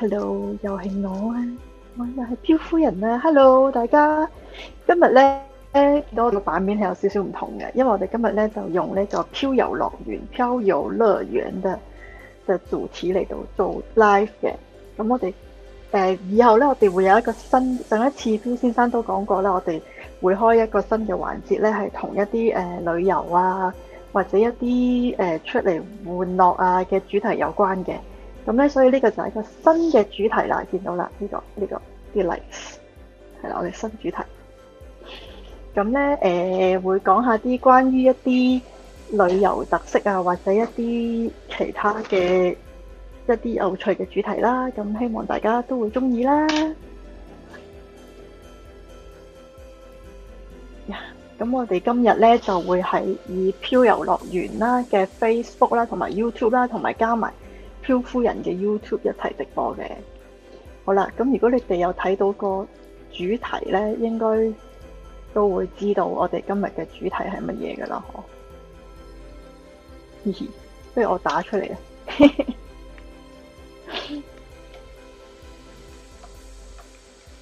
Hello，又係我啊！我又係漂夫人啊！Hello，大家，今日咧，咧見到我個版面係有少少唔同嘅，因為我哋今日咧就用呢個漂遊樂園、漂遊樂園嘅嘅主題嚟到做 live 嘅。咁我哋誒、呃、以後咧，我哋會有一個新上一次漂先生都講過啦，我哋會開一個新嘅環節咧，係同一啲誒、呃、旅遊啊，或者一啲誒、呃、出嚟玩樂啊嘅主題有關嘅。咁咧，所以呢個就係一個新嘅主題啦，見到啦，呢、這個呢、這個啲例子係啦，這個、我哋新主題。咁咧，誒、呃、會講下啲關於一啲旅遊特色啊，或者一啲其他嘅一啲有趣嘅主題啦。咁希望大家都會中意啦。咁我哋今日咧就會喺以漂遊樂園啦嘅 Facebook 啦，同埋 YouTube 啦，同埋加埋，超夫人嘅 YouTube 一齊直播嘅，好啦，咁如果你哋有睇到個主題咧，應該都會知道我哋今日嘅主題係乜嘢噶啦，嗬。嘻嘻，不如我打出嚟啊！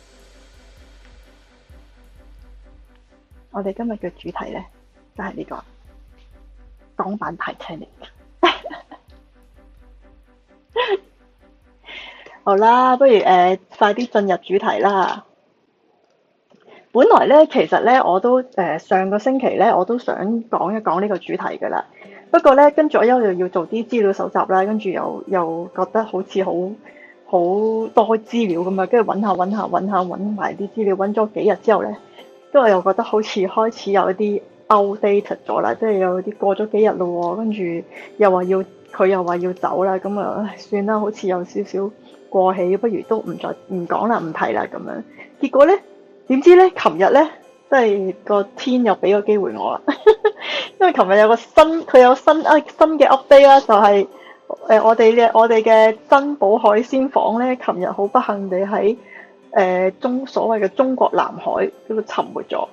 我哋今日嘅主題咧，就係呢個港版鐵達尼嚟嘅。好啦，不如誒、uh, 快啲進入主題啦。本來咧，其實咧我都誒、uh, 上個星期咧我都想講一講呢個主題噶啦。不過咧，跟住我又要做啲資料搜集啦，跟住又又覺得好似好好多資料咁啊，跟住揾下揾下揾下揾埋啲資料，揾咗幾日之後咧，跟住我又覺得好似開始有一啲 outdated 咗啦，即係有啲過咗幾日咯喎，跟住又話要佢又話要走啦，咁啊算啦，好似有少少～過氣不如都唔再唔講啦，唔提啦咁樣。結果咧，點知咧，琴日咧，即係個天又俾個機會我啦。 因為琴日有個新，佢有新，新的啊新嘅 update 啦，就係、是、誒、呃、我哋嘅我哋嘅珍寶海鮮舫呢。咧，琴日好不幸地喺誒、呃、中所謂嘅中國南海嗰度沉沒咗。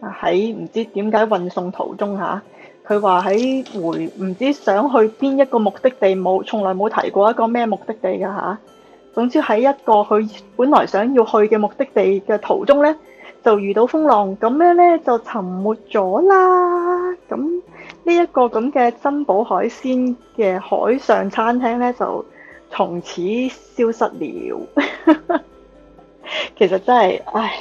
啊，喺唔知點解運送途中吓，佢話喺回唔知想去邊一個目的地冇，從來冇提過一個咩目的地噶吓。啊總之喺一個佢本來想要去嘅目的地嘅途中呢，就遇到風浪，咁樣呢就沉沒咗啦。咁呢一個咁嘅珍寶海鮮嘅海上餐廳呢，就從此消失了。 其實真係，唉，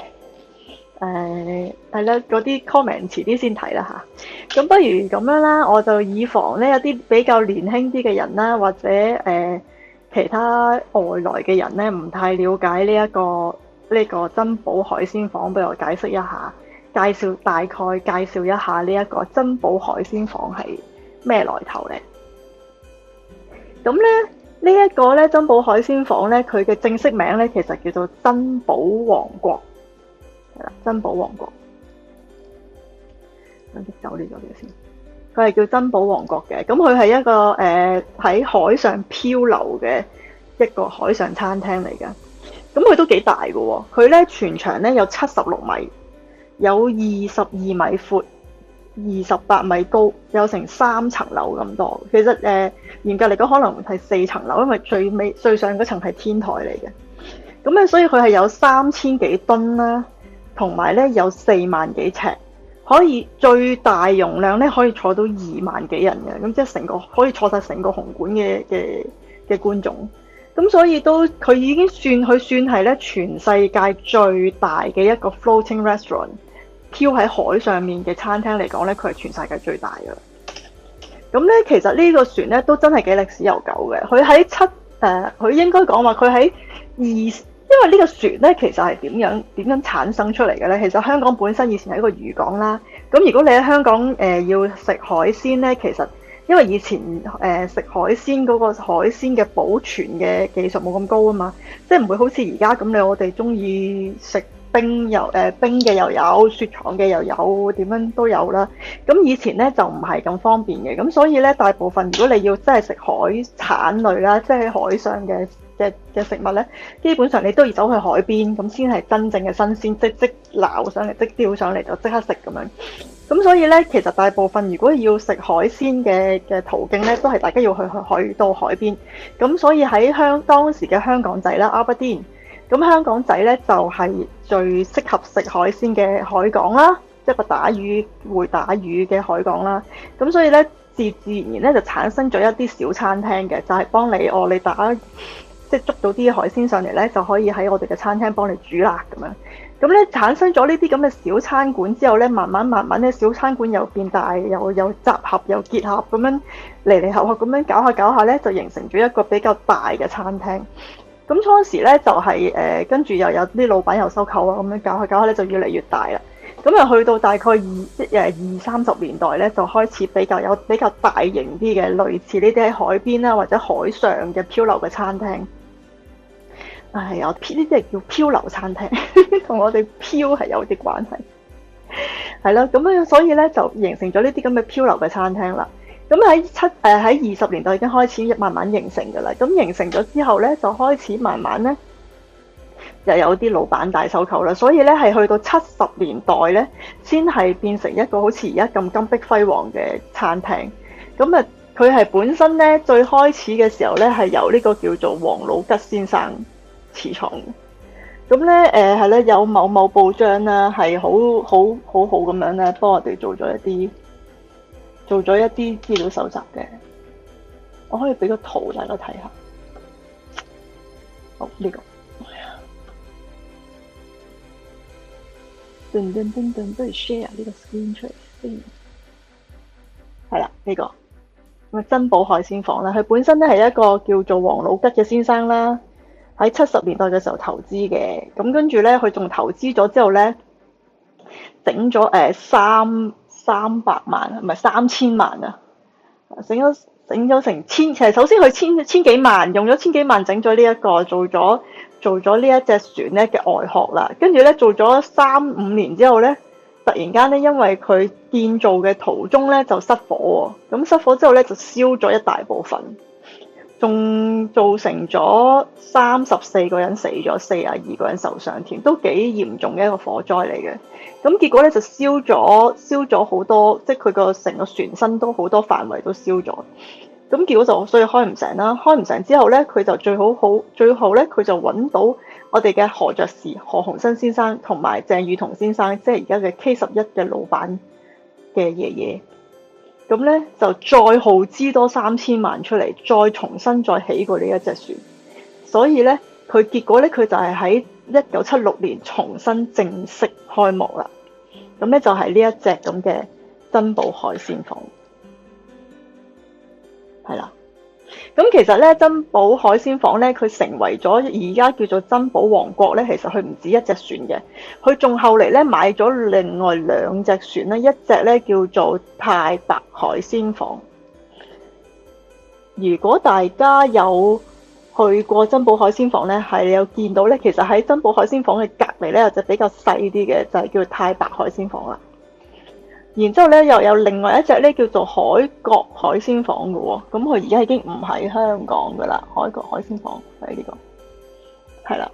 誒、呃、係啦，嗰啲 comment 遲啲先睇啦嚇。咁不如咁樣啦，我就以防呢有啲比較年輕啲嘅人啦，或者誒。呃其他外來嘅人咧，唔太了解呢、這、一個呢、這個珍寶海鮮舫。俾我解釋一下，介紹大概介紹一下呢一個珍寶海鮮舫係咩來頭咧？咁咧呢一、這個咧珍寶海鮮舫咧，佢嘅正式名咧，其實叫做珍寶王國，係啦，珍寶王國。想食走呢條魚先。佢係叫珍寶王國嘅，咁佢係一個誒、呃、喺海上漂流嘅一個海上餐廳嚟嘅。咁佢都幾大嘅喎，佢呢，全長呢，有七十六米，有二十二米闊，二十八米高，有成三層樓咁多。其實誒、呃、嚴格嚟講，可能係四層樓，因為最尾最上嗰層係天台嚟嘅。咁咧，所以佢係有三千幾噸啦，同埋呢，有四萬幾尺。可以最大容量咧，可以坐到二萬幾人嘅，咁即係成個可以坐晒成個紅館嘅嘅嘅觀眾。咁所以都佢已經算佢算係咧全世界最大嘅一個 floating restaurant，漂喺海上面嘅餐廳嚟講咧，佢係全世界最大嘅。咁咧，其實呢個船咧都真係幾歷史悠久嘅，佢喺七誒，佢、呃、應該講話佢喺二。因為呢個船咧，其實係點樣點樣產生出嚟嘅咧？其實香港本身以前係一個漁港啦。咁如果你喺香港誒、呃、要食海鮮咧，其實因為以前誒、呃、食海鮮嗰，那個海鮮嘅保存嘅技術冇咁高啊嘛，即係唔會好似而家咁你我哋中意食。冰又、呃、冰嘅又有，雪藏嘅又有，點樣都有啦。咁以前呢就唔係咁方便嘅，咁所以呢，大部分如果你要真係食海產類啦，即係喺海上嘅嘅嘅食物呢，基本上你都要走去海邊，咁先係真正嘅新鮮，即即撈上嚟，即釣上嚟就即刻食咁樣。咁所以呢，其實大部分如果要食海鮮嘅嘅途徑呢，都係大家要去去，去到海邊。咁所以喺香當時嘅香港仔啦。阿伯丁。咁香港仔呢，就係、是、最適合食海鮮嘅海港啦，一個打魚會打魚嘅海港啦。咁所以呢，自自然然呢，就產生咗一啲小餐廳嘅，就係、是、幫你哦。你打即係捉到啲海鮮上嚟呢，就可以喺我哋嘅餐廳幫你煮啦咁樣。咁呢產生咗呢啲咁嘅小餐館之後呢，慢慢慢慢呢，小餐館又變大，又有集合又結合咁樣嚟嚟合合咁樣搞下搞下呢，就形成咗一個比較大嘅餐廳。咁初時咧就係誒，跟住又有啲老闆又收購啊，咁、嗯、樣搞下搞下咧就越嚟越大啦。咁又去到大概二二三十年代咧，就開始比較有比較大型啲嘅，類似呢啲喺海邊啦或者海上嘅漂流嘅餐廳。係、哎、啊，呢啲係叫漂流餐廳，同 我哋漂係有啲關係。係咯，咁樣所以咧就形成咗呢啲咁嘅漂流嘅餐廳啦。咁喺七誒喺二十年代已經開始慢慢形成嘅啦，咁形成咗之後呢，就開始慢慢呢，就有啲老闆大收購啦，所以呢，係去到七十年代呢，先係變成一個好似而家咁金碧輝煌嘅餐廳。咁啊，佢係本身呢，最開始嘅時候呢，係由呢個叫做王老吉先生始創嘅。咁呢，誒係咧有某某報章啦，係好好好好咁樣咧幫我哋做咗一啲。做咗一啲資料搜集嘅，我可以俾個圖大家睇下。好呢、呢個，等等等等都 share 呢個 screen 出嚟係啦呢個。咪珍寶海鮮舫啦，佢本身咧係一個叫做王老吉嘅先生啦，喺七十年代嘅時候投資嘅。咁跟住咧，佢仲投資咗之後咧，整咗誒三。三百萬，唔係三千萬啊！整咗整咗成千，其實首先佢千千幾萬用咗千幾萬整咗呢一個做咗做咗呢一隻船咧嘅外殼啦，跟住咧做咗三五年之後咧，突然間咧因為佢建造嘅途中咧就失火喎，咁失火之後咧就燒咗一大部分。仲造成咗三十四個人死咗，四十二個人受傷，添都幾嚴重嘅一個火災嚟嘅。咁結果咧就燒咗燒咗好多，即係佢個成個船身都好多範圍都燒咗。咁結果就所以開唔成啦，開唔成之後咧，佢就最好好最後咧，佢就揾到我哋嘅何爵士何鴻燊先生同埋鄭裕彤先生，即係而家嘅 K 十一嘅老闆嘅爺爺。咁咧就再耗資多三千萬出嚟，再重新再起過呢一隻船，所以咧佢結果咧佢就係喺一九七六年重新正式開幕啦。咁咧就係呢一隻咁嘅珍寶海鮮舫。係啦。咁其實咧，珍寶海鮮舫咧，佢成為咗而家叫做珍寶王國咧。其實佢唔止一隻船嘅，佢仲後嚟咧買咗另外兩隻船咧，一隻咧叫做太白海鮮舫。如果大家有去過珍寶海鮮舫咧，係你有見到咧，其實喺珍寶海鮮舫嘅隔籬咧，有隻比較細啲嘅，就係叫太白海鮮舫啦。然之後咧，又有另外一隻咧，叫做海角海鮮舫嘅喎、哦。咁佢而家已經唔喺香港嘅啦。海角海鮮舫，係呢、這個，係啦。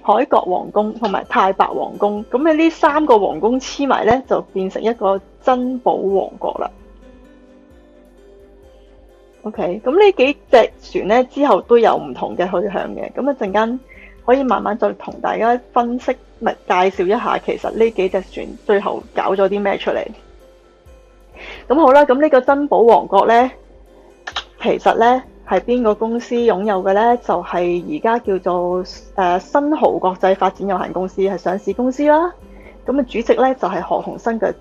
海角皇宮同埋太白皇宮，咁啊呢三個皇宮黐埋咧，就變成一個珍寶王國啦。OK，咁呢幾隻船咧之後都有唔同嘅去向嘅。咁一陣間可以慢慢再同大家分析。介紹一下，其實呢幾隻船最後搞咗啲咩出嚟？咁好啦，咁呢個珍寶王國呢，其實呢係邊個公司擁有嘅呢？就係而家叫做誒、呃、新濠國際發展有限公司，係上市公司啦。咁嘅主席呢，就係、是、何鴻燊嘅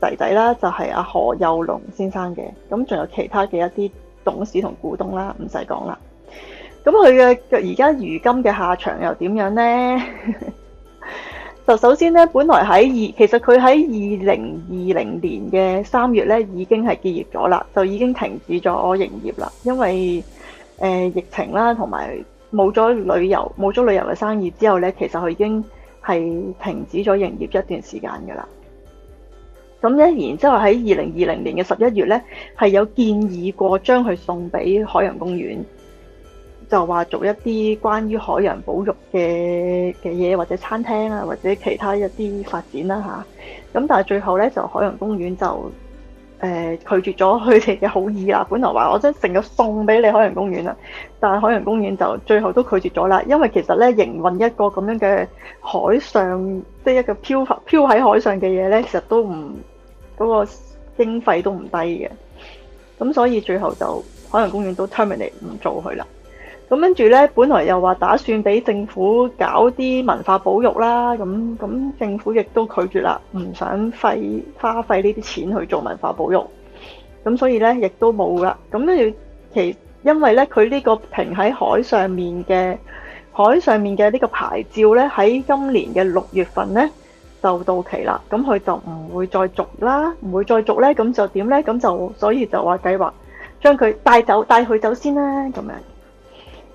仔仔啦，就係、是、阿、啊、何猷龍先生嘅。咁仲有其他嘅一啲董事同股東啦，唔使講啦。咁佢嘅而家如今嘅下場又點樣呢？ 就首先咧，本來喺二，其實佢喺二零二零年嘅三月咧，已經係結業咗啦，就已經停止咗營業啦。因為誒、呃、疫情啦，同埋冇咗旅遊，冇咗旅遊嘅生意之後咧，其實佢已經係停止咗營業一段時間噶啦。咁咧，然之後喺二零二零年嘅十一月咧，係有建議過將佢送俾海洋公園。就話做一啲關於海洋保育嘅嘅嘢，或者餐廳啊，或者其他一啲發展啦嚇。咁、啊、但係最後呢，就海洋公園就誒、呃、拒絕咗佢哋嘅好意啦。本來話我將成個送俾你海洋公園啦，但係海洋公園就最後都拒絕咗啦。因為其實呢，營運一個咁樣嘅海上，即係一個漂浮漂喺海上嘅嘢呢，其實都唔嗰、那個經費都唔低嘅。咁所以最後就海洋公園都 terminate 唔做佢啦。咁跟住咧，本來又話打算俾政府搞啲文化保育啦，咁咁政府亦都拒絕啦，唔想費花費呢啲錢去做文化保育，咁所以咧亦都冇啦。咁跟住其因為咧，佢呢個停喺海上面嘅海上面嘅呢個牌照咧，喺今年嘅六月份咧就到期啦。咁佢就唔會再續啦，唔會再續咧，咁就點咧？咁就所以就話計劃將佢帶走，帶佢走先啦，咁樣。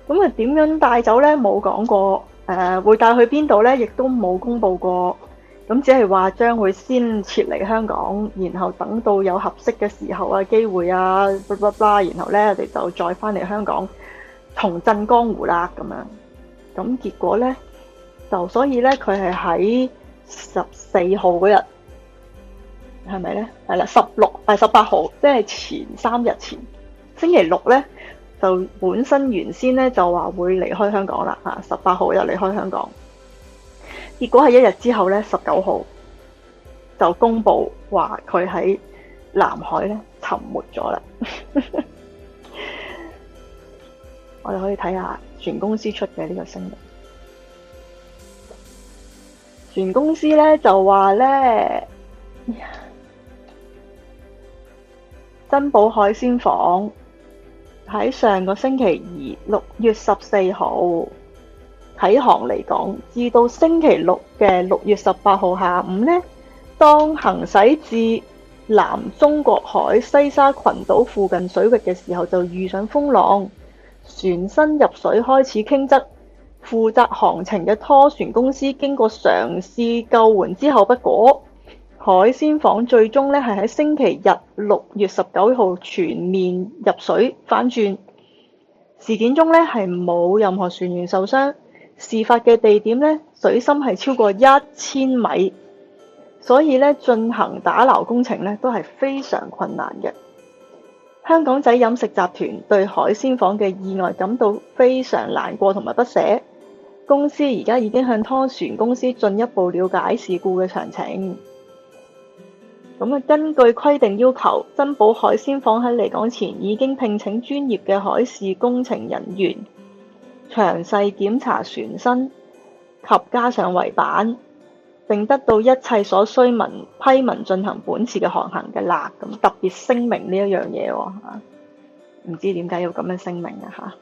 咁啊，點樣帶走咧？冇講過，誒、呃，會帶去邊度咧？亦都冇公佈過。咁只係話將佢先撤離香港，然後等到有合適嘅時候啊，機會啊，卜卜啦，然後咧，我哋就再翻嚟香港重振江湖啦。咁樣，咁結果咧，就所以咧，佢係喺十四號嗰日，係咪咧？係啦，十六定十八號，即係前三日前，星期六咧。就本身原先咧就話會離開香港啦，啊，十八號又離開香港，結果係一日之後咧，十九號就公布話佢喺南海咧沉沒咗啦。 我哋可以睇下船公司出嘅呢個聲明。船公司咧就話咧，珍寶海鮮舫。喺上個星期二，六月十四號起航嚟講，至到星期六嘅六月十八號下午呢，當行駛至南中國海西沙群島附近水域嘅時候，就遇上風浪，船身入水，開始傾側。負責航程嘅拖船公司經過嘗試救援之後，不果。海鮮舫最終咧係喺星期日六月十九號全面入水翻轉，事件中咧係冇任何船員受傷。事發嘅地點咧水深係超過一千米，所以咧進行打撈工程咧都係非常困難嘅。香港仔飲食集團對海鮮舫嘅意外感到非常難過同埋不捨。公司而家已經向拖船公司進一步了解事故嘅詳情。根據規定要求，珍寶海鮮舫喺離港前已經聘請專業嘅海事工程人員，詳細檢查船身及加上圍板，並得到一切所需文批文進行本次嘅航行嘅立特別聲明呢一樣嘢喎嚇，唔知點解要咁樣聲明、啊、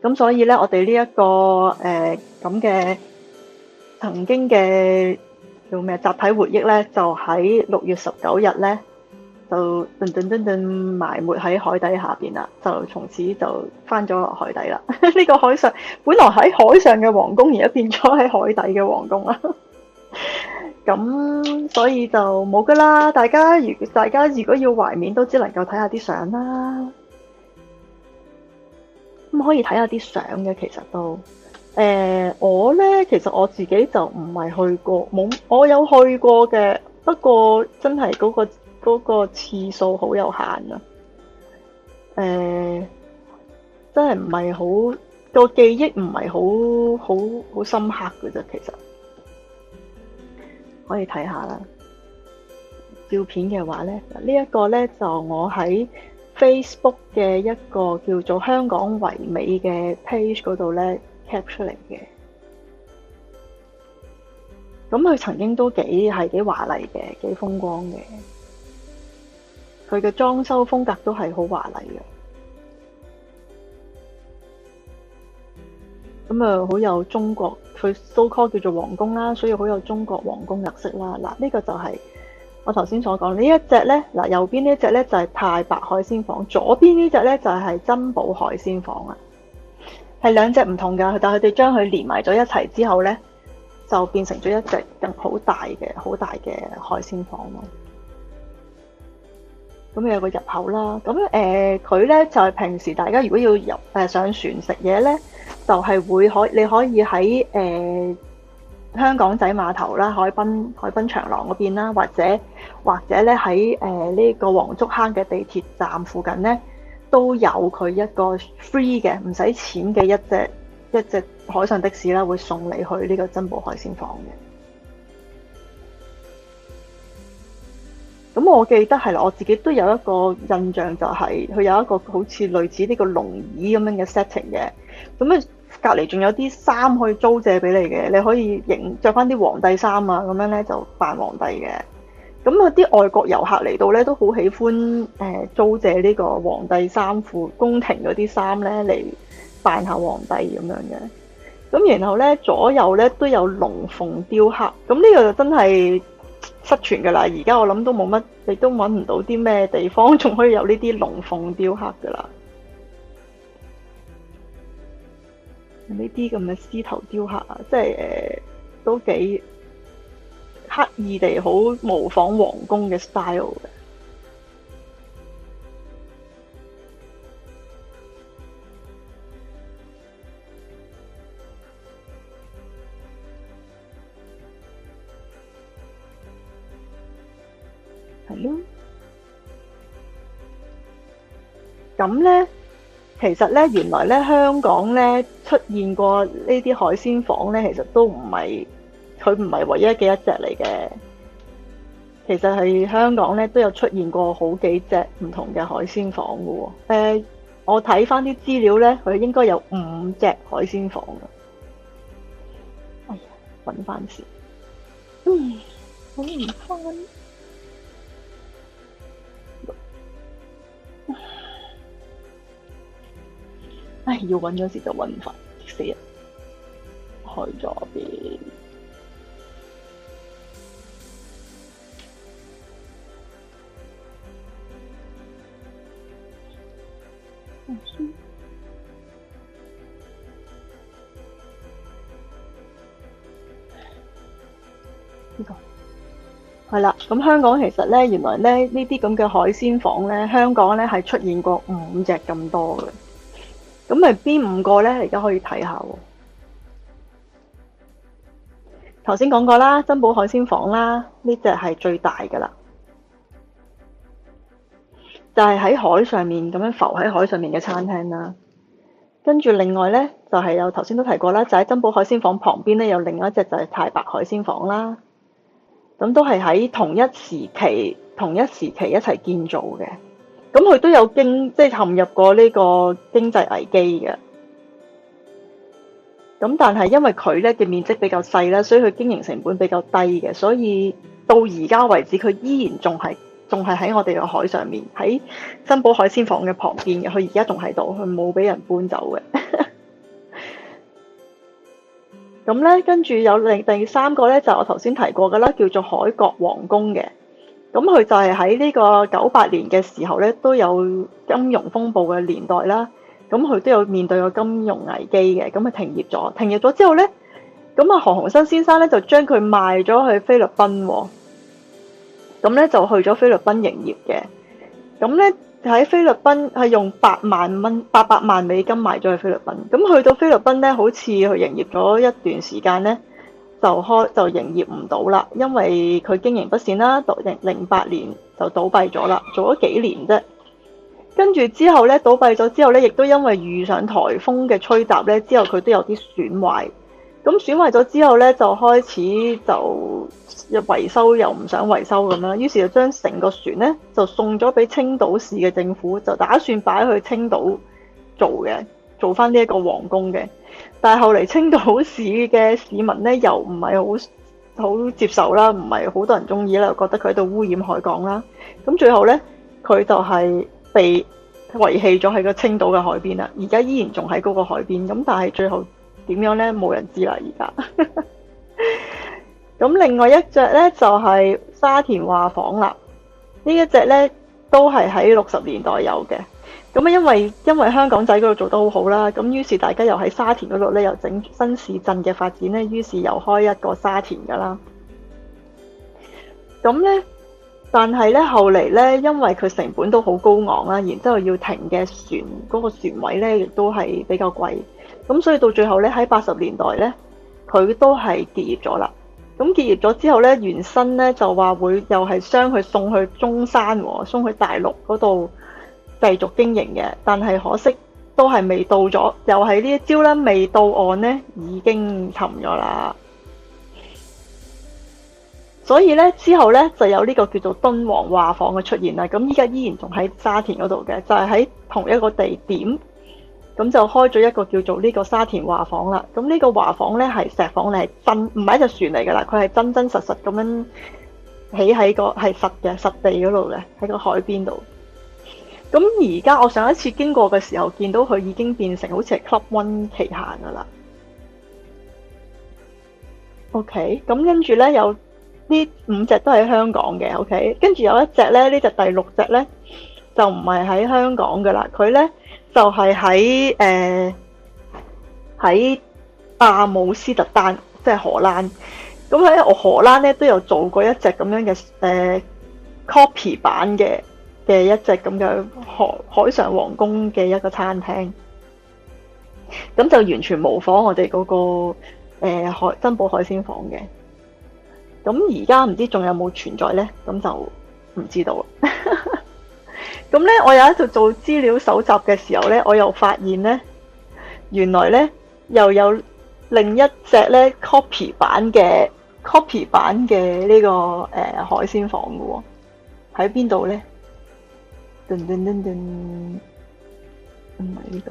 咁所以呢，我哋呢一個嘅、呃、曾經嘅。叫咩集體回憶呢？就喺六月十九日呢，就噔噔噔噔埋沒喺海底下面啦，就從此就翻咗落海底啦。呢 個海上本來喺海上嘅皇宮，而家變咗喺海底嘅皇宮啦。咁 所以就冇噶啦。大家如大家如果要懷緬，都只能夠睇下啲相啦。咁可以睇下啲相嘅，其實都。呃、我咧，其實我自己就唔係去過冇，我有去過嘅，不過真係嗰、嗰個嗰個次數好有限啊。呃、真係唔係好個，記憶唔係好，唔係好好好深刻嘅啫。其實可以睇下啦，照片嘅話咧，呢個、呢一個咧就我喺 Facebook 嘅一個叫做香港遺美嘅 page 嗰度咧。t a 拍出嚟嘅，咁佢曾經都幾係幾華麗嘅，幾風光嘅。佢嘅裝修風格都係好華麗嘅，咁啊好有中國，佢 so called 叫做皇宮啦，所以好有中國皇宮特色啦。嗱，呢個就係我頭先所講呢一隻咧，嗱右邊這一隻呢隻咧就係、是、太白海鮮舫，左邊這隻呢隻咧就係、是、珍寶海鮮舫。啊。係兩隻唔同噶，但係佢哋將佢連埋咗一齊之後呢，就變成咗一隻更好大嘅、好大嘅海鮮舫咯。咁有個入口啦。咁誒，佢、呃、呢，就係、是、平時大家如果要入誒上船食嘢呢，就係、是、會可你可以喺誒、呃、香港仔碼頭啦、海濱海濱長廊嗰邊啦，或者或者咧喺誒呢個黃竹坑嘅地鐵站附近呢。都有佢一個 free 嘅唔使錢嘅一隻一隻海上的士啦，會送你去呢個珍寶海鮮舫嘅。咁我記得係啦，我自己都有一個印象、就是，就係佢有一個好似類似呢個龍椅咁樣嘅 setting 嘅。咁啊，隔離仲有啲衫可以租借俾你嘅，你可以影着翻啲皇帝衫啊，咁樣咧就扮皇帝嘅。咁啊，啲外國遊客嚟到咧，都好喜歡誒、呃、租借呢個皇帝衫褲、宮廷嗰啲衫咧，嚟扮下皇帝咁樣嘅。咁然後咧，左右咧都有龍鳳雕刻。咁呢個就真係失傳噶啦。而家我諗都冇乜，亦都搵唔到啲咩地方仲可以有呢啲龍鳳雕刻噶啦。呢啲咁嘅獅頭雕刻啊，即係誒都幾。刻意地好模仿皇宮嘅 style 嘅，係咯。咁咧，其實咧，原來咧，香港咧出現過呢啲海鮮舫咧，其實都唔係。佢唔係唯一嘅一隻嚟嘅，其實喺香港咧都有出現過好幾隻唔同嘅海鮮舫嘅喎、呃。我睇翻啲資料咧，佢應該有五隻海鮮舫嘅。哎呀，揾翻先。嗯，揾唔翻。唉，要揾嗰時就揾唔翻，死人。去咗邊？呢個係啦。咁香港其實咧，原來咧呢啲咁嘅海鮮舫咧，香港咧係出現過五隻咁多嘅。咁咪邊五個咧？而家可以睇下喎。頭先講過啦，珍寶海鮮舫啦，呢隻係最大噶啦。就係、是、喺海上面咁樣浮喺海上面嘅餐廳啦、啊，跟住另外呢，就係、是、有頭先都提過啦，就喺、是、珍寶海鮮舫旁邊呢，有另外一隻就係太白海鮮舫啦，咁都係喺同一時期同一時期一齊建造嘅，咁佢都有經即係、就是、陷入過呢個經濟危機嘅，咁但係因為佢呢嘅面積比較細啦，所以佢經營成本比較低嘅，所以到而家為止佢依然仲係。仲係喺我哋個海上面，喺珍寶海鮮舫嘅旁邊嘅，佢而家仲喺度，佢冇俾人搬走嘅。咁 咧，跟住有另第三個咧，就是、我頭先提過噶啦，叫做海角皇宮嘅。咁佢就係喺呢個九八年嘅時候咧，都有金融風暴嘅年代啦。咁佢都有面對過金融危機嘅，咁啊停業咗，停業咗之後咧，咁啊何鴻燊先生咧就將佢賣咗去菲律賓、哦。咁咧就去咗菲律賓營業嘅，咁咧喺菲律賓係用八萬蚊八百萬美金買咗去菲律賓，咁去到菲律賓咧，好似去營業咗一段時間咧，就開就營業唔到啦，因為佢經營不善啦，零零八年就倒閉咗啦，做咗幾年啫。跟住之後咧，倒閉咗之後咧，亦都因為遇上颱風嘅吹襲咧，之後佢都有啲損壞。咁損壞咗之後咧，就開始就又維修又唔想維修咁啦，於是就將成個船咧就送咗俾青島市嘅政府，就打算擺去青島做嘅，做翻呢一個皇宮嘅。但係後嚟青島市嘅市民咧又唔係好好接受啦，唔係好多人中意啦，覺得佢喺度污染海港啦。咁最後咧，佢就係被遺棄咗喺個青島嘅海邊啦。而家依然仲喺嗰個海邊，咁但係最後。點樣呢？冇人知啦！而家咁另外一隻呢就係、是、沙田畫舫啦。這一呢一隻呢都係喺六十年代有嘅。咁啊，因為因為香港仔嗰度做得很好好啦，咁於是大家又喺沙田嗰度呢又整新市鎮嘅發展呢，於是又開一個沙田噶啦。咁呢，但係呢後嚟呢，因為佢成本都好高昂啦，然之後要停嘅船嗰、那個船位呢亦都係比較貴。咁所以到最後咧，喺八十年代咧，佢都係結業咗啦。咁結業咗之後咧，原身咧就話會又係將佢送去中山喎、哦，送去大陸嗰度繼續經營嘅。但係可惜都係未到咗，又係呢一招啦，未到岸咧已經沉咗啦。所以咧，之後咧就有呢個叫做敦煌畫舫嘅出現啦。咁依家依然仲喺沙田嗰度嘅，就係、是、喺同一個地點。咁就開咗一個叫做呢個沙田畫舫啦。咁呢個畫舫咧係石房，嚟，係真，唔係一隻船嚟噶啦。佢係真真實實咁樣起喺個係實嘅實地嗰度嘅，喺個海邊度。咁而家我上一次經過嘅時候，見到佢已經變成好似係 club one 期限噶啦。OK，咁跟住咧有呢五隻都喺香港嘅。OK，跟住有一隻咧，呢隻第六隻咧就唔係喺香港嘅啦。佢咧。就係喺誒喺阿姆斯特丹，即係荷蘭。咁喺我荷蘭咧都有做過一隻咁樣嘅誒、呃、copy 版嘅嘅一隻咁嘅海海上皇宮嘅一個餐廳。咁就完全模仿我哋嗰、那個誒、呃、海珍寶海鮮舫嘅。咁而家唔知仲有冇存在呢？咁就唔知道。 咁咧，我有一度做資料搜集嘅時候咧，我又發現咧，原來咧又有另一隻咧 copy 版嘅 copy 版嘅、這個呃哦、呢個誒海鮮房嘅喎，喺邊度咧？噔噔噔噔，唔係呢度，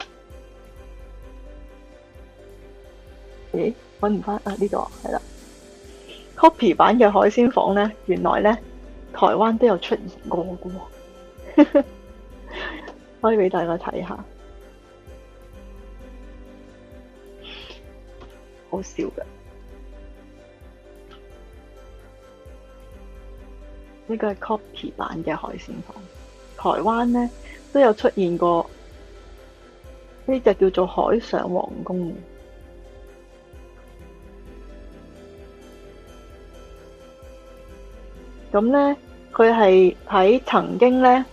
咦、欸？搵唔翻啊？呢個係啦，copy 版嘅海鮮房咧，原來咧台灣都有出現過嘅喎。 可以俾大家睇下，好笑㗎！呢個係 copy 版嘅海鮮舫台灣呢，台灣咧都有出現過呢隻叫做海上皇宮。咁咧，佢係喺曾經咧。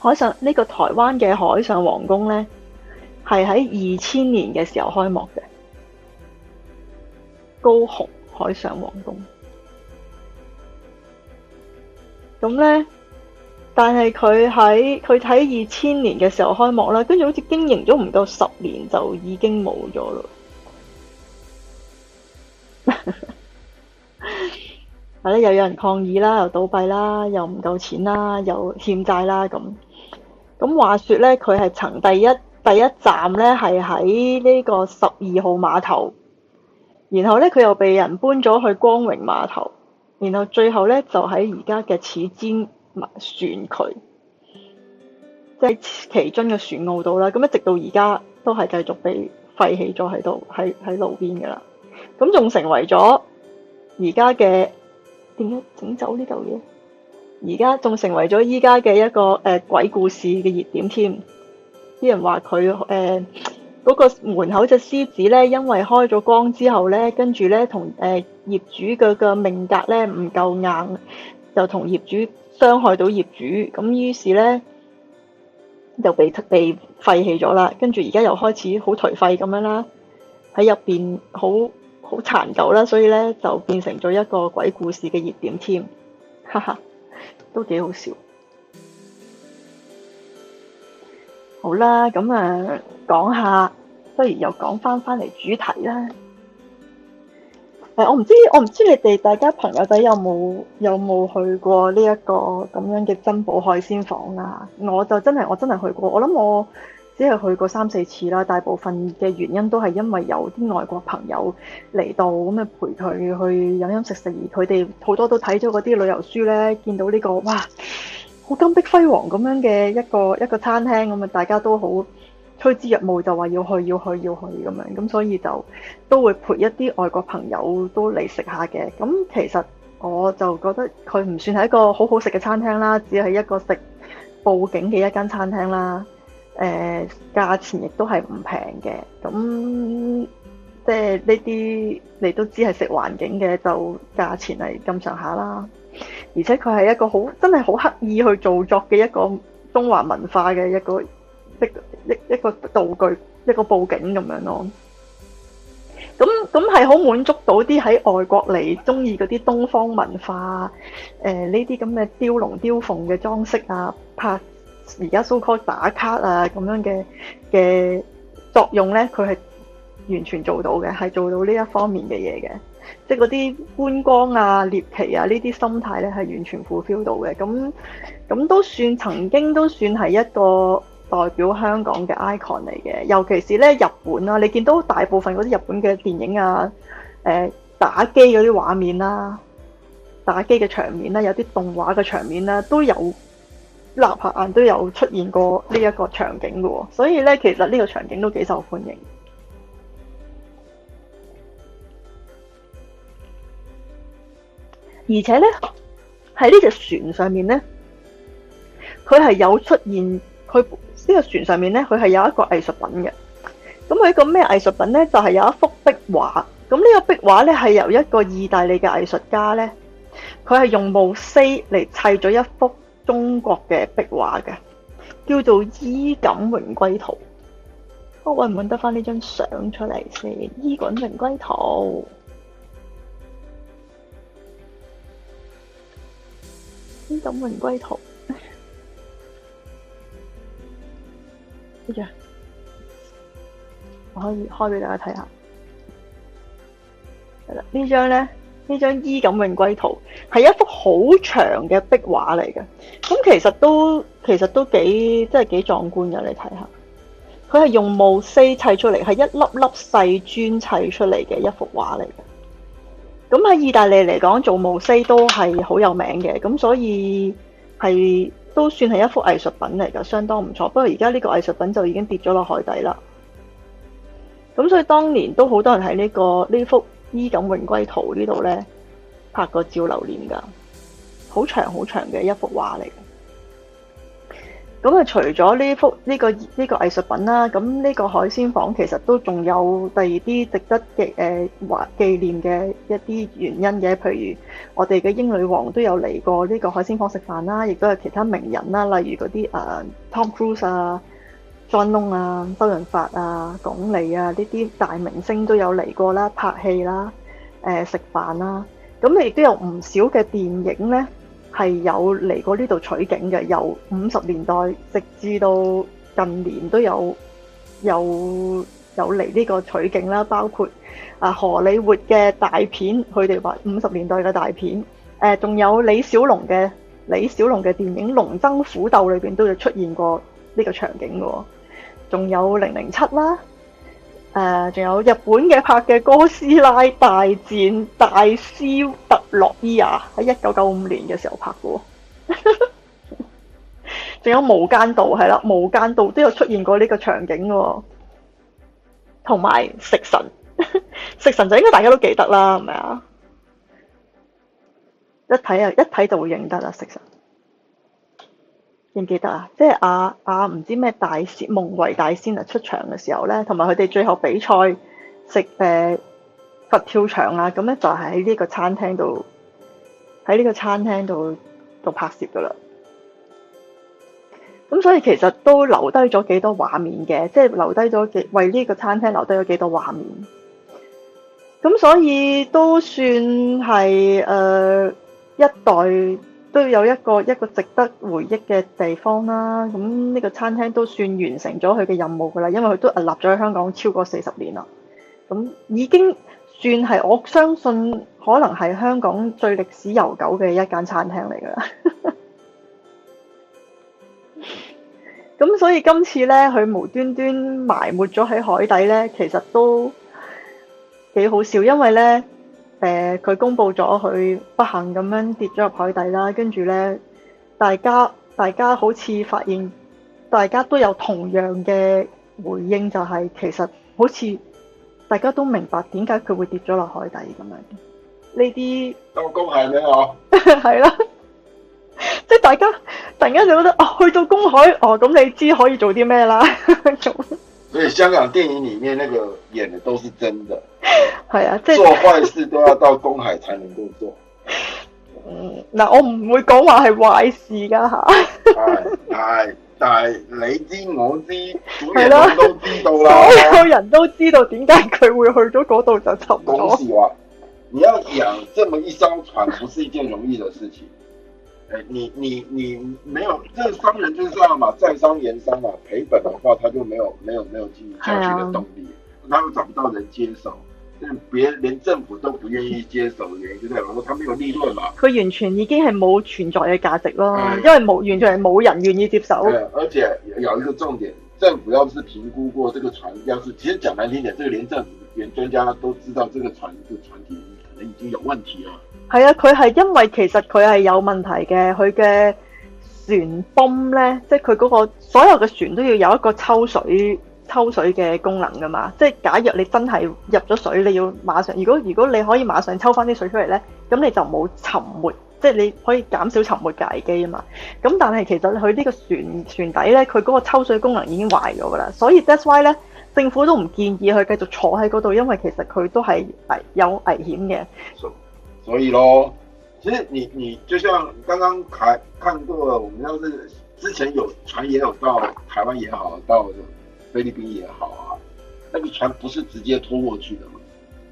海上呢、這個台灣嘅海上皇宮咧，係喺二千年嘅時候開幕嘅，高雄海上皇宮。咁咧，但係佢喺佢喺二千年嘅時候開幕啦，跟住好似經營咗唔夠十年就已經冇咗咯。係咧，又有人抗議啦，又倒閉啦，又唔夠錢啦，又欠債啦，咁。咁話說咧，佢係曾第一第一站咧，係喺呢個十二號碼頭，然後咧，佢又被人搬咗去光榮碼頭，然後最後咧，就喺而家嘅始尖船渠，即係其中嘅船澳度啦。咁一直到而家都係繼續被廢棄咗喺度，喺喺路邊噶啦。咁仲成為咗而家嘅點解整走呢度嘢？而家仲成為咗依家嘅一個誒、呃、鬼故事嘅熱點添，啲人話佢誒嗰個門口隻獅子咧，因為開咗光之後咧，跟住咧同誒業主嗰個命格咧唔夠硬，就同業主傷害到業主，咁於是咧就被被廢棄咗啦。跟住而家又開始好頹廢咁樣啦，喺入邊好好殘舊啦，所以咧就變成咗一個鬼故事嘅熱點添，哈哈。都幾好笑，好啦，咁啊，講下，不如又講翻翻嚟主題啦。呃，我唔知，我唔知你哋大家朋友仔有冇有冇去過呢一個咁樣嘅珍寶海鮮舫啦，啊？我就真係我真係去過，我諗我。只係去過三四次啦，大部分嘅原因都係因為有啲外國朋友嚟到咁啊，陪佢去飲飲食食，而佢哋好多都睇咗嗰啲旅遊書咧，見到呢個哇，好金碧輝煌咁樣嘅一個一個餐廳咁啊，大家都好趨之若鶩，就話要去要去要去咁樣，咁所以就都會陪一啲外國朋友都嚟食下嘅。咁其實我就覺得佢唔算係一個好好食嘅餐廳啦，只係一個食佈景嘅一間餐廳啦。誒、呃、價錢亦都係唔平嘅，咁即係呢啲你都知係食環境嘅，就價錢係咁上下啦。而且佢係一個好真係好刻意去做作嘅一個中華文化嘅一個一一一個道具一個佈景咁樣咯。咁咁係好滿足到啲喺外國嚟中意嗰啲東方文化誒呢啲咁嘅雕龍雕鳳嘅裝飾啊拍。而家 so call 打卡啊咁樣嘅嘅作用呢，佢係完全做到嘅，係做到呢一方面嘅嘢嘅，即係啲觀光啊、獵奇啊呢啲心態呢，係完全 fulfill 到嘅。咁咁都算曾經都算係一個代表香港嘅 icon 嚟嘅，尤其是呢日本啦、啊，你見到大部分嗰啲日本嘅電影啊、誒打機嗰啲畫面啦、打機嘅、啊、場面啦、啊，有啲動畫嘅場面啦、啊，都有。南下岸都有出現過呢一個場景嘅，所以咧其實呢個場景都幾受歡迎。而且咧喺呢隻船上面咧，佢係有出現，佢呢、這個船上面咧佢係有一個藝術品嘅。咁佢一個咩藝術品咧？就係、是、有一幅壁畫。咁呢個壁畫咧係由一個意大利嘅藝術家咧，佢係用木絲嚟砌咗一幅。中國嘅壁畫嘅，叫做《衣錦榮歸圖》，我能不能。我搵唔搵得翻呢張相出嚟先，《衣錦榮歸圖》。衣錦榮歸圖，跟 住我可以開俾大家睇下。這張呢張咧。呢張《衣錦榮歸圖》係一幅好長嘅壁畫嚟嘅，咁其實都其實都幾真係幾壯觀嘅。你睇下，佢係用毛西砌出嚟，係一粒粒細磚砌出嚟嘅一幅畫嚟嘅。咁喺意大利嚟講，做毛西都係好有名嘅，咁所以係都算係一幅藝術品嚟嘅，相當唔錯。不過而家呢個藝術品就已經跌咗落海底啦。咁所以當年都好多人喺呢、這個呢幅。衣錦榮歸圖這裡，呢度咧，拍過照留念噶，好長好長嘅一幅畫嚟。咁、這個這個、啊，除咗呢幅呢個呢個藝術品啦，咁呢個海鮮舫其實都仲有第二啲值得嘅誒，懷、呃、紀念嘅一啲原因嘅，譬如我哋嘅英女王都有嚟過呢個海鮮舫食飯啦，亦都有其他名人啦、啊，例如嗰啲啊 Tom Cruise 啊。張龍啊、周潤發啊、鞏俐啊呢啲大明星都有嚟過啦，拍戲啦、誒、呃、食飯啦。咁亦都有唔少嘅電影呢，係有嚟過呢度取景嘅，由五十年代直至到近年都有有有嚟呢個取景啦。包括啊，荷里活嘅大片，佢哋話五十年代嘅大片，誒、呃、仲有李小龍嘅李小龍嘅電影《龍爭虎鬥》裏邊都有出現過呢個場景嘅、哦。仲有零零七啦，誒、呃，仲有日本嘅拍嘅哥斯拉大戰戴斯特洛伊亞，喺一九九五年嘅時候拍過，仲 有無間道係啦，無間道都有出現過呢個場景嘅、喔，同埋食神，食神就應該大家都記得啦，係咪啊？一睇啊，一睇就會認得啦，食神。記唔記得啊！即係阿阿唔知咩大仙、夢為大仙啊出場嘅時候咧，同埋佢哋最後比賽食誒佛跳牆啊。咁咧就喺呢個餐廳度，喺呢個餐廳度度拍攝噶啦。咁所以其實都留低咗幾多畫面嘅，即係留低咗幾為呢個餐廳留低咗幾多畫面。咁所以都算係誒、呃、一代。都有一個一個值得回憶嘅地方啦，咁呢個餐廳都算完成咗佢嘅任務噶啦，因為佢都屹立咗喺香港超過四十年啦，咁已經算係我相信可能係香港最歷史悠久嘅一間餐廳嚟噶啦。咁 所以今次呢，佢無端端埋沒咗喺海底呢，其實都幾好笑，因為呢。誒、呃，佢公布咗佢不幸咁樣跌咗入海底啦，跟住咧，大家大家好似發現，大家都有同樣嘅回應、就是，就係其實好似大家都明白點解佢會跌咗落海底咁樣。呢啲到公海未？我、 啊，係啦，即係大家突然間就覺得哦，去到公海哦，咁你知可以做啲咩啦。 所以香港電影裏面那個演的都是真的。係啊，即、就、係、是、做壞事都要到公海才能夠做。 嗯，嗱、啊，我唔會講話係壞事噶吓。係、哎，但係你知我知、啊，所有人都知道啦，所有人都知道點解佢會去咗嗰度就走咗。是啊，你要養這麼一艘船，不是一件容易的事情。 哎、你你你沒有，這商人就係嘛，在商言商嘛，賠本的話，他就沒有沒有沒有繼續下去的動力， 他又找不到人接手。別連政府都不願意接手，原因就係話佢，冇利潤啦。佢完全已經係冇存在嘅價值啦、嗯，因為冇完全係冇人願意接手、嗯。而且有一個重點，政府要是評估過，這個船要是其實講難聽點，這個連政府連專家都知道，這個船就船體可能已經有問題了。係啊，佢係因為其實佢係有問題嘅，佢嘅船泵呢，即係佢嗰個所有嘅船都要有一個抽水。抽水嘅功能噶嘛，即係假若你真係入咗水，你要馬上。如果如果你可以馬上抽翻啲水出嚟咧，咁你就冇沉沒，即係你可以減少沉沒嘅危機啊嘛。咁但係其實佢呢個船船底咧，佢嗰個抽水功能已經壞咗噶啦，所以 that's why 咧，政府都唔建議佢繼續坐喺嗰度，因為其實佢都係係有危險嘅。所以咯，其實你你就像剛剛睇看過，我們要是之前有船也有到台灣也好，到。菲律賓也好啊，呢個船不是直接拖過去的嘛？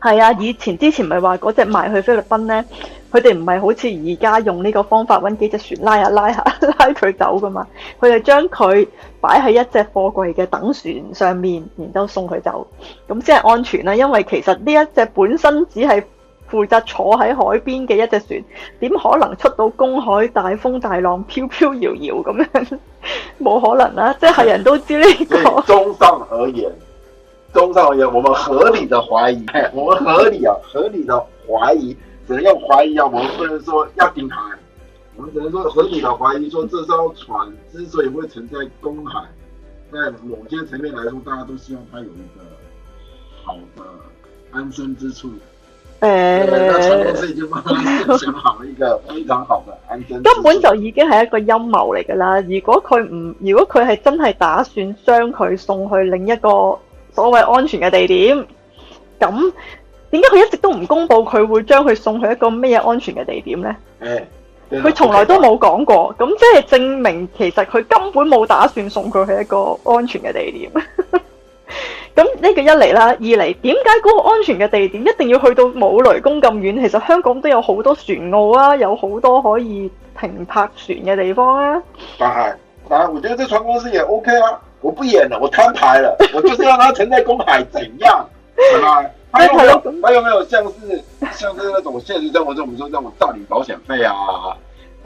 係啊，以前之前咪話嗰隻賣去菲律賓呢，佢哋唔係好似而家用呢個方法揾幾隻船拉下、啊、拉下、啊、拉佢走㗎嘛，佢就將佢擺喺一隻貨櫃嘅等船上面，然之後送佢走，咁先係安全啦、啊。因為其實呢一隻本身只係，負責坐喺海邊嘅一隻船，點可能出到公海大風大浪飄飄搖搖咁樣？冇可能啦、啊！即、嗯、係人都知呢、這個。中上而言，中上而言，我們合理的懷疑、嗯哎，我們合理啊，合理的懷疑，只要懷疑啊，我們不能說要定牌，我們只能說合理的懷疑，說這艘船之所以會存在公海，在某些層面嚟講，大家都希望它有一個好的安身之處。嗯，根本就已經係一個陰謀嚟噶啦！如果佢唔，如果佢係真係打算將佢送去另一個所謂安全嘅地點，咁點解佢一直都唔公布佢會將佢送去一個咩嘢安全嘅地點呢？佢從來都冇講過，咁即係證明其實佢根本冇打算送佢去一個安全嘅地點。 咁呢個一嚟啦，二嚟點解嗰個安全嘅地點一定要去到冇雷公咁遠？其實香港都有好多船澳啊，有好多可以停泊船嘅地方啊。但係，但我覺得這船公司也 OK 啊，我不演了，我攤牌了，我就是要它沉在公海，怎樣？啊， 還有, 還,有還有沒有？像是像是那種現實生活中，我們說那種詐領保險費啊。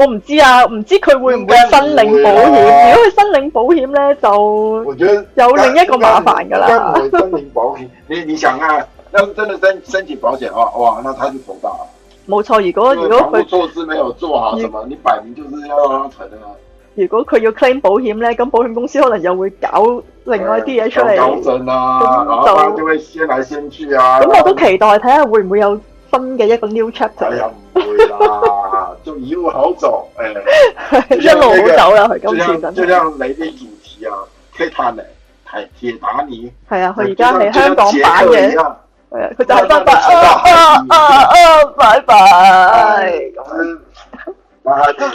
我唔知啊，唔知佢會唔會申領保險。啊、如果佢申領保險咧，就有另一個麻煩噶啦。申領保險， 你你想下，要真係申申請保險嘅、啊、哇，那他就頭大啦。冇錯，如果如果防護措施沒有做好，什麼你擺明就是要賠啊。如果佢要 claim 保險咧，咁保險公司可能又會搞另外一啲嘢出嚟。搞高爭啊，就、嗯、就會先來先去啊。咁我，我都期待睇下會唔會有新嘅一個 new chapter，哎呀唔會啦，就一路好走誒，一路好走啦佢今次咁，就你啲主持啊打你，係啊，佢而家係香港版嘅，係啊，佢就翻白拜拜咁，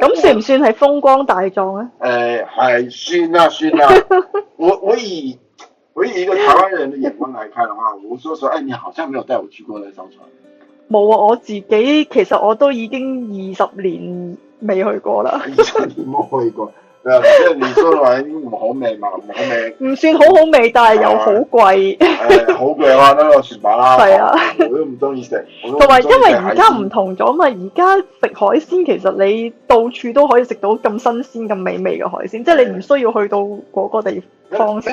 咁算唔算係風光大葬咧？誒 哎，係算啦算啦，我我以。以一個台灣人嘅眼光嚟看嘅話，我說實，哎，你好像沒有帶我去過那艘船。冇啊，我自己其實我都已經二十年未去過啦。二十年冇去過，即 係你說嚟已經唔好味嘛，唔 好味。唔算好好味，但係又好貴。好貴咯，啊，嗰，那個船板啦，啊。係 啊，我都唔中意食。同埋因為而家唔同咗嘛，而家食海鮮其實你到處都可以食到咁新鮮，咁美味嘅海鮮，即、就、係、是，你唔需要去到嗰個地方。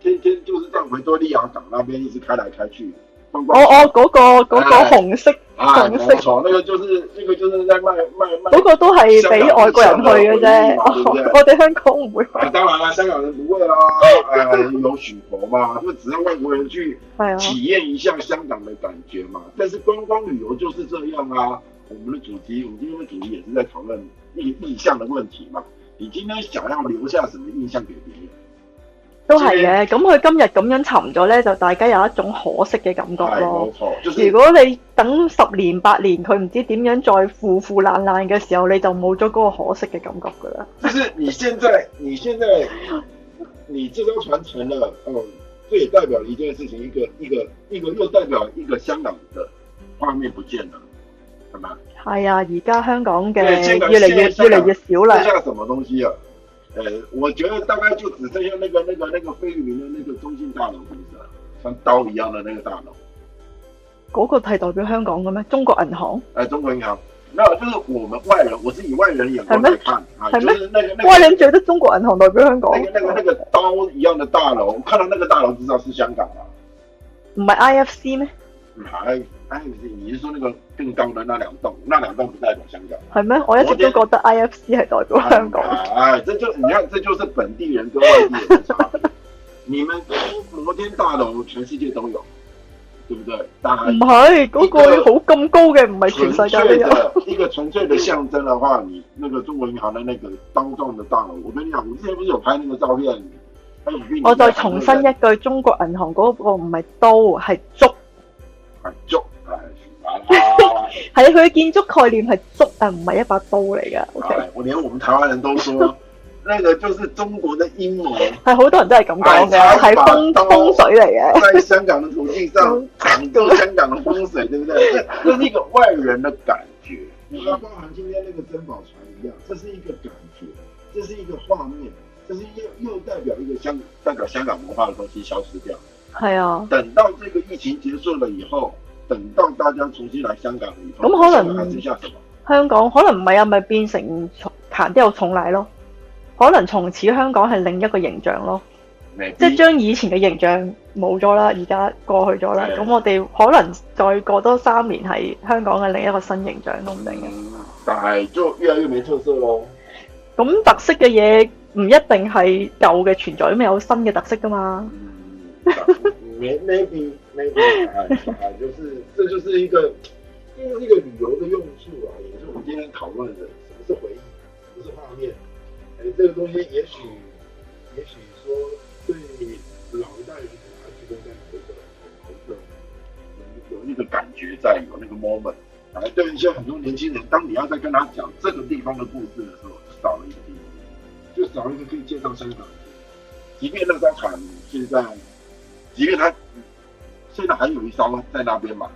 天天就是在維多利亞港那邊一直開來開去觀光。哦哦，嗰、那個嗰、那個紅色，哎，冇錯，那個就是那個就是在賣賣賣。嗰、那個都係俾外國人去嘅啫、哦，我我哋香港唔會。當然啦，香港人唔會啦，誒、 呃，有許多嘛，咁啊，只讓外國人去體驗一下香港的感覺嘛。是啊、但是觀光旅遊就是這樣啊，我們的主題，我們今天的主題也是在討論印印象的問題嘛。你今天想要留下什麼印象給別人？都係嘅，咁佢今日咁樣沉咗呢，就大家有一種可惜嘅感覺咯，就是。如果你等十年八年，佢唔知點樣再腐腐爛爛嘅時候，你就冇咗嗰個可惜嘅感覺噶啦。就是你現在，你現在，你這艘船沉了，啊，哦、嗯，這也代表一件事情，一個一個一個又代表了一個香港嘅畫面唔見啦，係咪？係啊，而家香港嘅越嚟越越嚟越少啦。下什麼東西啊？欸、我覺得大概就只剩下那個、那個、那個菲律賓、那個、的那個中信大樓，知唔知啊？像刀一樣的那個大樓，嗰、那個係代表香港嘅咩？中國銀行？誒、欸，中國銀行。那有，就是我們外人，我是以外人眼光嚟，看係咩？係、啊、那個外人、那個、覺得中國銀行代表香港？那個、那個、那個刀一樣的大樓，我看到那個大樓，知道是香港啦。唔係 I F C 咩？唔、哎、係。哎、你是說那個更高的那兩棟，那兩棟不代表香港係咩？我一直都覺得 IFC 係代表香港。哎,哎,哎，這就你看，這就是本地人跟外地人差。 你們摩天大樓全世界都有，對不對？當然。唔係嗰個好咁高嘅，唔係全世界嘅一個純粹的象徵嘅話， 你那個中國銀行的那個高幢嘅大樓，我跟你講，我之前不是有拍那個照片。哎、我再重申一句，中國銀行嗰個唔係刀，係竹、哎，竹。係佢嘅建築概念係竹，但唔係一把刀嚟㗎。我、okay、連我們台灣人都說， 那個就是中國的陰謀。係 好多人都係咁講嘅，係 風風水嚟嘅。在香港的土地上，用 香港的風水，對不對， 對？這是一個外人的感覺，咁啊，包含今天那個珍寶船一樣，這是一個感覺，這是一個畫面，這是又又代表一個香代表香港文化嘅東西消失掉。係啊，等到這個疫情結束了以後。咁可能香港可能唔係啊，咪變成重彈啲又重奶咯？可能從此香港係另一個形象咯，即係將以前嘅形象冇咗啦，而家過去咗啦。咁我哋可能再過多三年，係香港嘅另一個新形象，明唔定。啊？但係就越嚟越冇特色咯。咁特色嘅嘢唔一定係舊嘅存在，咁有新嘅特色噶嘛 m a、嗯 哎，啊、哎哎，就是，這就是一個，這就是一個旅遊的用處啊，也是我們今天討論的，什麼是回憶，什麼是畫面，哎，這、那個東西也許，也許說對老代的人在、這個嗯、有一代人可能提供在回憶個有有那個感覺在，有那個 moment，哎，但像很多年輕人，當你要在跟他講這個地方的故事的時候，就少了一個地方，就少一個可以介紹香港，即便那艘船是在，即便他。現在還有一張在那邊嘛？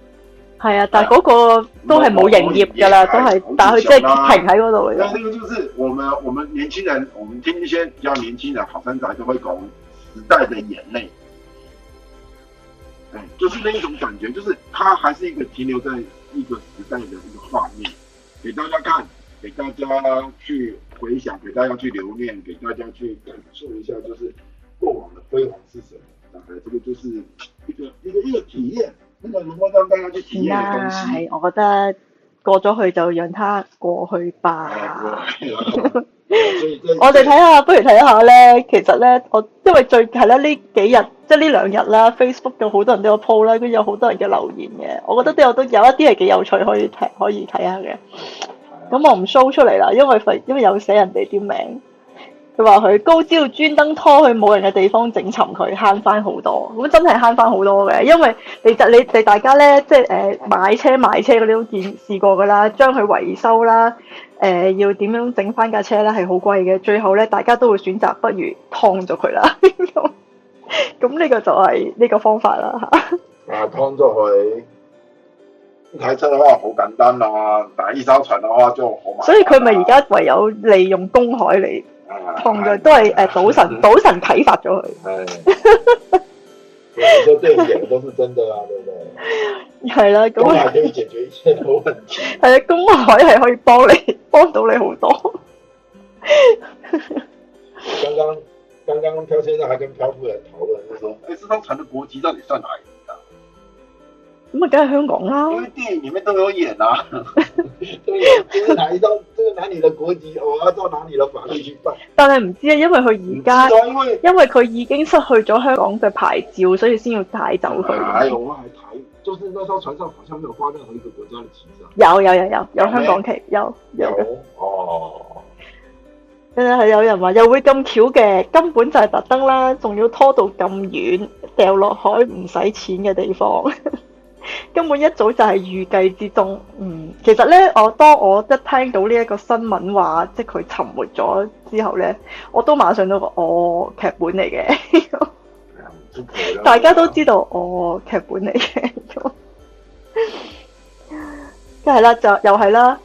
係啊，嗯、但嗰個都係冇營業噶啦，那個，都係，但佢即係停喺嗰度。嗱，呢個就是我們我們年輕人，我們聽一些比較年輕人學生仔，就會講時代的眼淚。就是那一種感覺，就是它還是一個停留在一個時代的一個畫面，給大家看，給大家去回想，給大家去留念，給大家去感受一下，就是過往的輝煌是什麼。誒，這個就是一個一個一個體驗，一個能夠讓大家去體驗嘅東西。係，我覺得過咗去就讓它過去吧。我哋睇下，不如睇下咧。其實咧，我因為最近咧呢幾日，即係呢兩日啦。Facebook 有好多人有 po，都有 po 啦，跟住有好多人嘅留言嘅。我覺得都有，都有一啲係幾有趣，可以睇，可以睇下嘅。咁我唔 show 出嚟啦，因為因為有寫人哋啲名。佢話佢高招，專登拖去冇人嘅地方整沉佢，慳翻好多。咁真係慳翻好多嘅，因為其實你哋大家咧，即係誒、呃、買車買車嗰啲都見試過噶啦，將佢維修啦，誒、呃、要點樣整翻架車咧，係好貴嘅，最後咧大家都會選擇不如劏咗佢啦。咁 呢個就係呢個方法啦嚇。啊，劏咗佢睇真係可能好簡單啊，但係依家長啦，哇、啊，真係好麻煩。所以佢咪而家唯有利用公海嚟？同樣都係誒，賭、啊啊、神賭、啊、神啟發咗佢。係、哎，所 以、啊、你說電影都係真的啊，對不對？係啦、啊，咁公，公海可以解決一切嘅問題。係啊，公海係可以幫你幫到你好多 剛剛。剛剛剛剛，漂先生還跟漂夫人討論，就話誒，這艘船的國籍到底算係邊架？咁、嗯、啊，梗係香港啦，因為電影裏面都有演啦、啊。 對、啊，其實係一張。 拿你的國籍，我要到哪裏的？到哪裏去辦？但係唔知啊，因為佢而家，因為佢已經失去咗香港嘅牌照，所以先要帶走佢、 哎呀，我哋睇，就係呢艘船上好似冇掛任何一個國家嘅旗啊。有有有有有，香港旗，有有，有，有，有，有。哦。誒，係有人話又會咁巧嘅，根本就係特登啦，仲要拖到咁遠，掉落海唔使錢嘅地方。 根本一早就係預計之中，嗯，其實呢，我當我一聽到呢一個新聞話，即係佢沉沒咗之後呢，我都馬上到話，哦，劇本嚟嘅，大家都知道，我、哦、劇本嚟嘅，即係啦，就又係啦，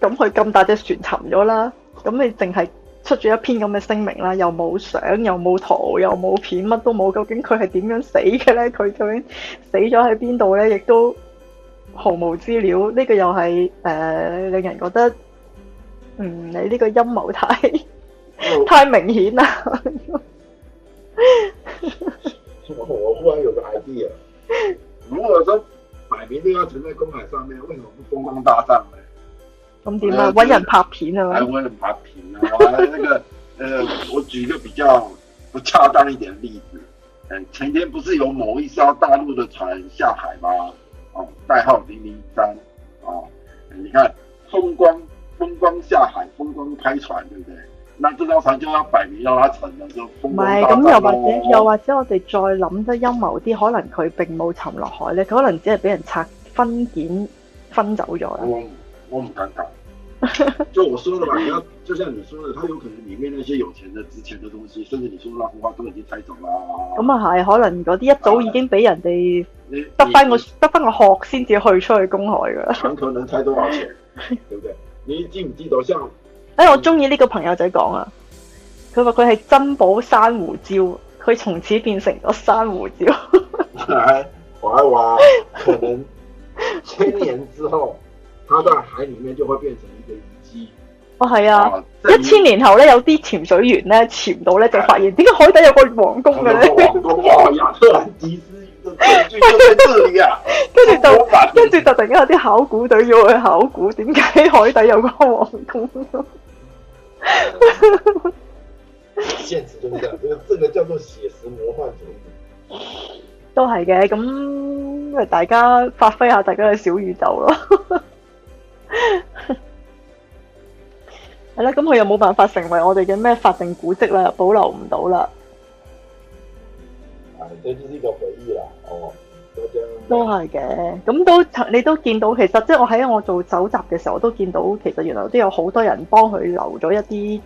咁佢咁大隻船沉咗啦，咁你淨係。出咗一篇咁嘅聲明啦，又冇相，又冇圖，又冇片，乜都冇。究竟佢係點樣死嘅咧？佢究竟死咗喺邊度咧？亦都毫無資料。呢、這個又係誒、呃，令人覺得嗯，你、這、呢個陰謀太太明顯啦！哦、 我我忽然有個 idea，如果都擺明都要存在公海上面，為什麼不公開搭咁點啊？揾、哎就是、人拍片、哎、啊！揾人拍片啊！嗱、那個，呢 個、呃，我舉一個比較不恰當一點例子、哎。前天不是有某一艘大陸嘅船下海嗎？哦、代號零零三。你看，風光，風光下海，風光開船，對唔對？那這艘船就要擺明要它沉了，就風光打沉咯、唔係、哦，咁又或者，又或者我哋再諗得陰謀啲，可能佢並冇沉落海咧，佢可能只係俾人拆分件分走咗啦。我唔尷尬，就我說的吧，你 要就像你說的，他有可能裏面那些有錢的、值錢的東西，甚至你說那幅畫都已經拆走啦。咁啊係，可能嗰啲一早已經俾人哋、啊，得翻我得翻殼先至去出去公海噶。很可能猜多少錢對不對？ 你知唔知道先？誒、欸，我中意呢個朋友仔講啊，佢話佢係珍寶珊瑚礁，佢從此變成咗珊瑚礁。我 話、哎、可能千 年之後。喺海裏面就會變成一隻魚。哦，係啊，一、啊、千年後咧，有啲潛水員咧，潛到咧就發現，點解海底有個皇宮嘅咧？跟、啊、住、 啊、 就，跟住就突然間有啲考古隊要去考古，點解海底有個皇宮？啊、 現實中嘅，呢個叫做寫實魔幻主義。都係嘅，咁、嗯、大家發揮下大家嘅小宇宙咯。係 啦，咁佢又冇辦法成為我哋嘅咩法定古蹟啦，保留唔到啦。都係嘅，咁都你都見到，其實即係我喺我做蒐集嘅時候，我都見到，其實原來都有好多人幫佢留咗一啲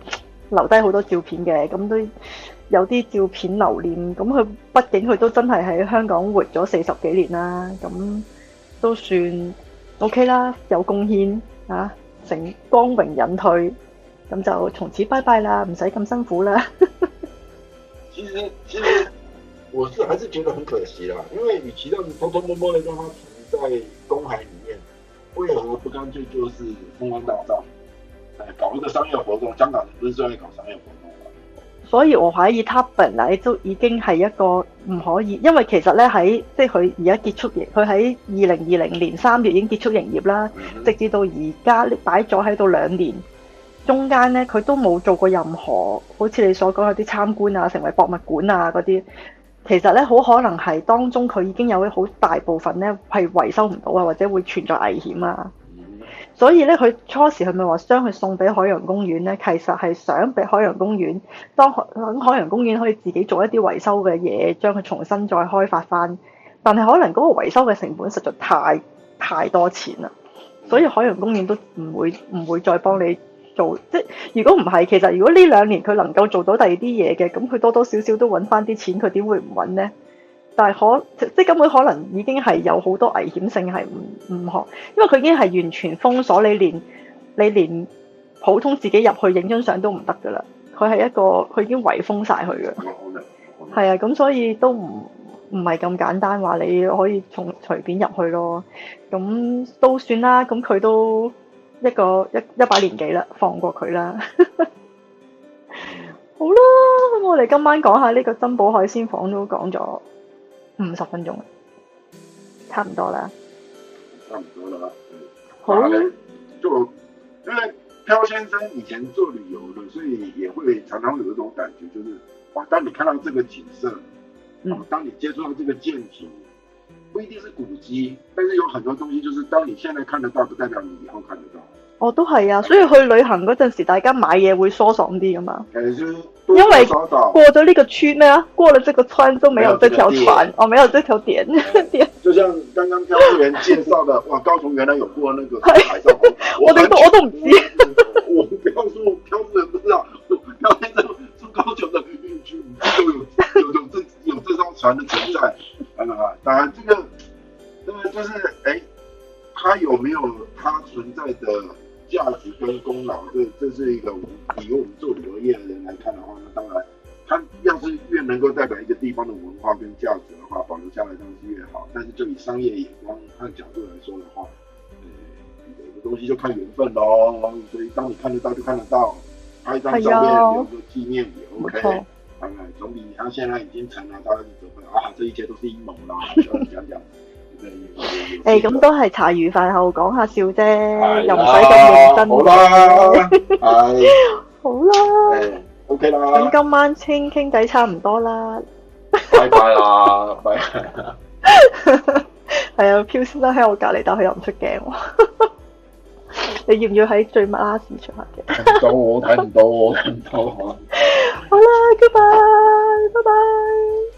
留低好多照片嘅，咁都有啲照片留念。咁佢畢竟佢都真係喺香港活咗四十幾年啦，咁都算。O K 啦，有貢獻啊，成光榮隱退，咁就從此拜拜啦，唔使咁辛苦啦。其實其實我是還是覺得很可惜啦，因為，與其讓偷偷摸摸的讓它藏在公海裡面，為何不乾脆就是風光大造，哎，搞一個商業活動，香港人都是專業搞商業活動。所以我懷疑佢本身都已經係一個唔可以，因為其實呢，喺即係佢而家結束營，佢喺二零二零年三月已經結束營業啦。直至到而家搦擺咗喺度兩年，中間呢，佢都冇做過任何好似你所講有啲參觀啊、成為博物館啊嗰啲，其實呢，好可能係當中佢已經有好大部分呢係維修唔到啊，或者會存在危險啊。所以咧，佢初時係咪話將佢送俾海洋公園呢？其實係想俾海洋公園當海，海洋公園可以自己做一啲維修嘅嘢，將佢重新再開發翻。但係可能嗰個維修嘅成本實在太太多錢啦，所以海洋公園都唔會唔會再幫你做。即如果唔係，其實如果呢兩年佢能夠做到第二啲嘢嘅，咁佢多多少少都揾翻啲錢，佢點會唔揾呢？但係可即係根本可能已經係有好多危險性係唔唔學，因為佢已經係完全封鎖你連，連你連普通自己入去影張相都唔得噶啦。佢係一個佢已經圍封晒佢嘅，係啊，咁 所以都唔唔係咁簡單話你可以從隨便入去咯。咁都算啦，咁佢都一個一一把年紀啦，放過佢啦。 好啦，我哋今晚講下呢個珍寶海鮮舫都講咗。五十分鐘。差不多啦，差不多啦，對 oh. 就，因為漂先生以前做旅遊的，所以也會常常有一種感覺，就是哇，當你看到這個景色，當你接觸到這個建築，不一定是古蹟，但是有很多東西，就是當你現在看得到，不代表你以後看得到。我、哦、都係啊，所以去旅行嗰陣時，大家買嘢會疏爽啲噶嘛。因為過咗呢個村咩，過了這個村都沒有這條船這條，哦，沒有這條點。 就像剛剛漂流員介紹的， 哇，高雄原來有過那個海盜 哇， 我都我都唔知。 就看緣分咯，所以當你看得到就看得到，拍一張照片，紀念也 OK，啊呃、總比佢現在已經成了單嘅、這個，啊，這一切都係陰謀啦 這這所以車、欸、都癲懵啦，忍忍，誒，咁都係茶餘飯後講下笑啫、哎，又唔使咁認真，好啦，哎、好啦、欸欸，OK 啦，咁今晚傾傾偈差唔多啦，拜拜啦， 拜拜，係啊，Q 先生喺我隔籬，但佢又唔出鏡。 你要唔要喺最 last 時刻嘅？ 到我睇唔到我，到我睇唔到。好啦，goodbye，拜拜。